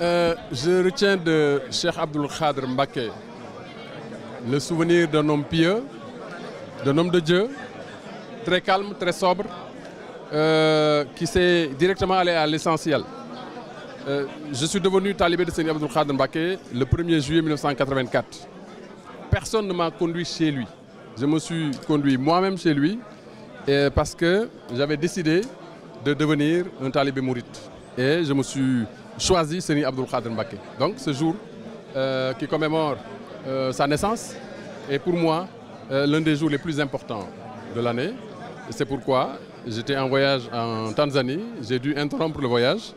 Euh, je retiens de Cheikh Abdul Khadr Mbake le souvenir d'un homme pieux, d'un homme de Dieu, très calme, très sobre, euh, qui s'est directement allé à l'essentiel. Euh, je suis devenu talibé de Seigneur Abdul Khadr Mbake le 1er juillet 1984. Personne ne m'a conduit chez lui. Je me suis conduit moi-même chez lui parce que j'avais décidé de devenir un talibé mourite. Et je me suis choisi Seni Abdul Khadr Mbake. Donc ce jour euh, qui commémore euh, sa naissance est pour moi euh, l'un des jours les plus importants de l'année. C'est pourquoi j'étais en voyage en Tanzanie, j'ai dû interrompre le voyage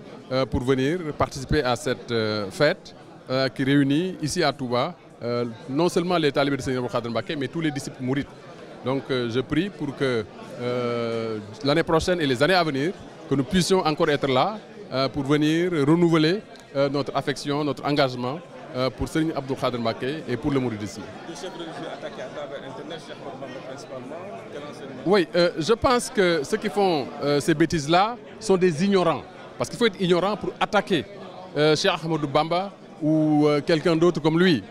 pour venir participer à cette fête qui réunit ici à Touba non seulement les talibés de Seigneur Abdul Khadr Mbake, mais tous les disciples mourides. Donc je prie pour que l'année prochaine et les années à venir, que nous puissions encore être là euh, pour venir renouveler euh, notre affection, notre engagement euh, pour Serigne Abdou Khadr Maké et pour le Mouridisme. religieux à travers principalement, Oui, je pense que ceux qui font ces bêtises-là sont des ignorants. Parce qu'il faut être ignorant pour attaquer Cheikh Ahmadoubamba Bamba ou quelqu'un d'autre comme lui.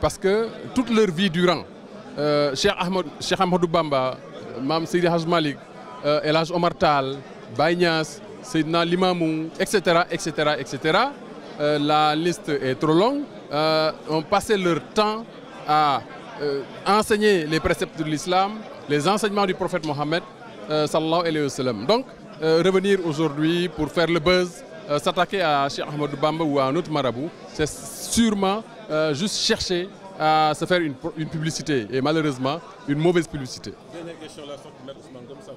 parce que toute leur vie durant, Cheikh, Ahmadoubamba, Cheikh Ahmadou Bamba, Sidi Haj Malik, El Haj Omar Tal, Sidna Limamou, etc. etc., etc. la liste est trop longue. Euh, on ont leur temps à euh, enseigner les préceptes de l'islam, les enseignements du prophète Mohammed, euh, sallallahu alayhi wa Donc, revenir aujourd'hui pour faire le buzz, s'attaquer à Cheikh Ahmed Bamba ou à un autre marabout, c'est sûrement juste chercher à se faire une, une publicité et malheureusement une mauvaise publicité. Dernière question, la Ousmane comme ça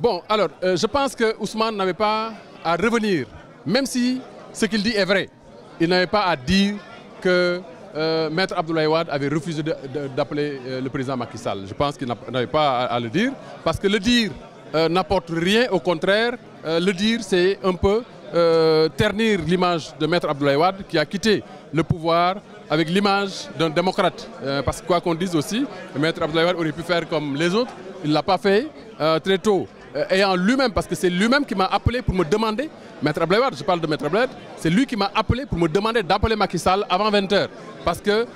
Bon, alors, euh, je pense que Ousmane n'avait pas à revenir, même si ce qu'il dit est vrai. Il n'avait pas à dire que euh, Maître Abdoulaye Wade avait refusé d'appeler euh, le président Macky Sall. Je pense qu'il n'avait pas à, le dire, parce que le dire n'apporte rien, au contraire, le dire c'est un peu ternir l'image de Maître Abdoulaye Wade qui a quitté le pouvoir avec l'image d'un démocrate. Euh, parce que quoi qu'on dise aussi, Maître Abdoulaye aurait pu faire comme les autres. Il ne l'a pas fait euh, très tôt. ayant euh, lui-même, parce que c'est lui-même qui m'a appelé pour me demander, Maître Abdoulaye je parle de Maître Abdoulaye c'est lui qui m'a appelé pour me demander d'appeler Macky Sall avant 20h. Parce que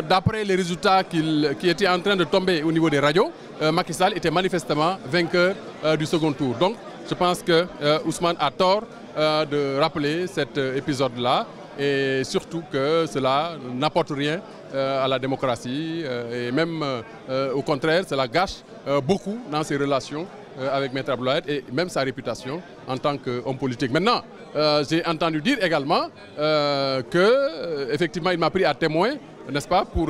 d'après les résultats qui étaient en train de tomber au niveau des radios, Macky Sall était manifestement vainqueur du second tour. Donc je pense que Ousmane a tort de rappeler cet épisode-là et surtout que cela n'apporte rien euh, à la démocratie euh, et même euh, au contraire, cela gâche beaucoup dans ses relations avec Maître Abdoulaye et même sa réputation en tant qu'homme politique. Maintenant, j'ai entendu dire également qu'effectivement que effectivement il m'a pris à témoin, n'est-ce pas, pour,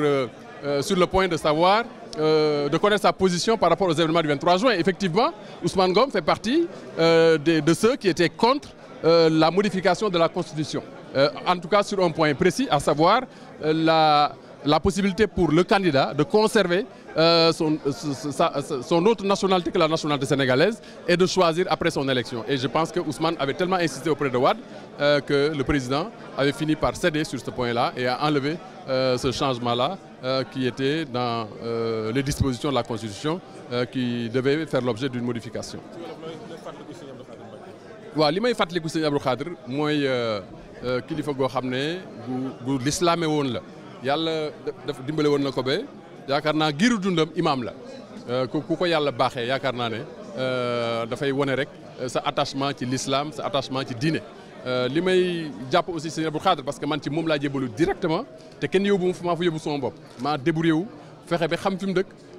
sur le point de savoir, de connaître sa position par rapport aux événements du 23 juin. Effectivement, Ousmane Gom fait partie de, ceux qui étaient contre la modification de la Constitution. Euh, en tout cas sur un point précis, à savoir euh, la, possibilité pour le candidat de conserver euh, son, autre nationalité que la nationalité sénégalaise et de choisir après son élection. Et je pense que Ousmane avait tellement insisté auprès de Ouad que le président avait fini par céder sur ce point-là et a enlevé ce changement-là qui était dans les dispositions de la Constitution qui devait faire l'objet d'une modification. Euh, kilifa go xam ne bu l'islamé won la yalla daf dimbalé won nako ko yakarna yaakaar giiru dundam imam la euh ku ko yalla baxé yakarna né euh da fay woné rek euh, sa attachement ci l'islam sa attachement ci diné euh limay japp aussi sëñ Abdou Khadre parce que man ci mom la jébalu directement te kenn yóbbu ma maa fa yóbbu sama bopp maa débrouillé wu fexé be xam fi mu dëkk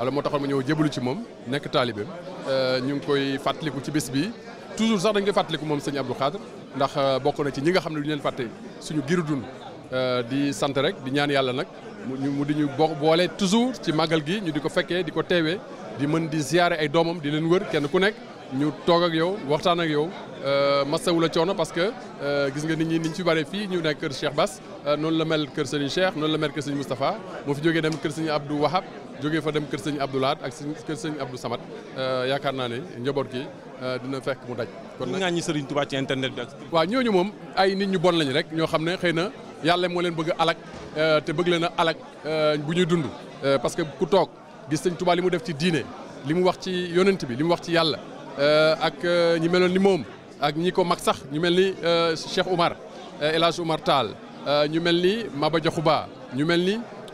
alors moo tax ma ñëw jébalu ci moom nekk taalibeem euh, ñu ngi koy fàttaliku ci bis bi toujours sax dañ koy fàttaliku moom sëñ Abdou Khadre ndax euh, bokk na ci ñi nga xam ne du leen fàtte suñu giru dund euh, di sant rek di ñaan yàlla nag mu di ñu boole toujours ci màggal gi ñu di ko fekkee di ko teewee di mën di ziyaare ay doomam di leen wër kenn ku nekk ñu toog ak yow waxtaan ak yow masawu la coono parce que gis nga nit ñi ni ñu fi bare fii ñu nekk kër Cheikh Bass noonu la mel kër Serigne Cheikh noonu la mel kër Serigne Moustapha moo fi jógee dem kër Serigne Abdou Wahab jógee fa dem kër sëñ Abdou Lahad ak kër sëñ Abdou Samad euh, yaakaar naa ne njaboot gi euh, dina fekk mu daj. kon nag ñi Serigne Touba ci internet bi waaw ñooñu moom ay nit ñu bon lañ rek ñoo xam ne xëy na yàlla moo leen bëgg alak euh, te bëgg leen a alak bu ñuy dund. parce que ku toog gis sëñ Touba li mu def ci diine li mu wax ci yonent bi li mu wax ci yàlla ak ñi meloon ni moom ak ñii ko mag sax ñu mel ni Cheikh Oumar El Hadj Oumar Tall ñu mel ni Maba Diakhouba ñu mel ni.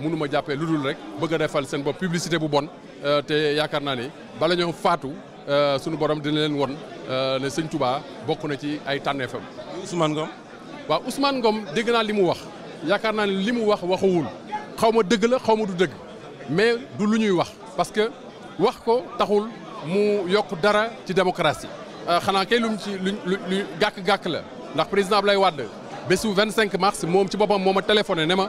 mënu ma jàppee rek bëgg a defal seen bopp publicité bu bon euh, te yaakaar naa ni bala ñoo faatu euh, sunu borom dina leen won euh, ne sëñ Touba bokk na ci ay tànneefam. Ousmane Ngom. waaw Ousmane Ngom dégg naa li mu wax yaakaar naa ne li mu wax waxuwul xaw ma dëgg la xaw ma du dëgg mais du lu ñuy wax parce que wax ko taxul mu yokk dara ci démocratie. xanaa kay lu ci lu lu gàkk-gàkk la ndax président Ablaye wadd bésu 25 mars moom ci boppam moo ma téléphoné ne ma.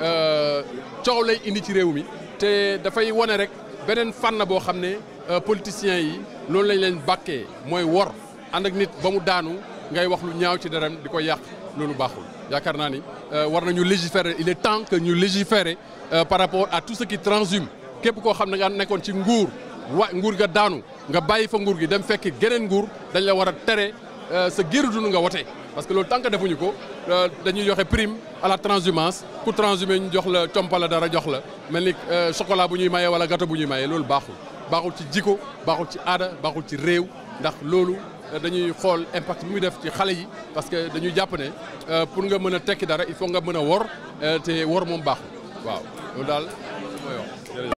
Euh, coow lay indi ci réew mi te dafay wane rek beneen fànn boo xam ne euh, politiciens yi loolu lañ leen bakkee mooy wor ànd ak nit ba mu daanu ngay wax lu ñaaw ci deram di koy yàq loolu baaxul yaakaar naa ni euh, war nañu légiférer il est temps que ñu légiférer par rapport à tout ce qui transhume képp koo xam ne nga nekkoon ci nguur wa nguur ga daanu nga bàyyi fa nguur gi dem fekk geneen nguur dañ la war a tere sa giiru dund nga wote parce que loolu tant que defuñu ko Euh, dañuy joxe prime à la transhumance ku transhumé ñu jox la compala dara jox la mel ni euh, chocolat bu ñuy maye wala gâteau bu ñuy maye loolu baaxul baaxul ci jiko baaxul ci aada baaxul ci réew ndax loolu euh, dañuy xool impact bi muy def ci xale yi parce que dañuy jàpp ne pour nga mën a tekki dara il faut nga mën a wor te wor moom baaxul waaw loolu daal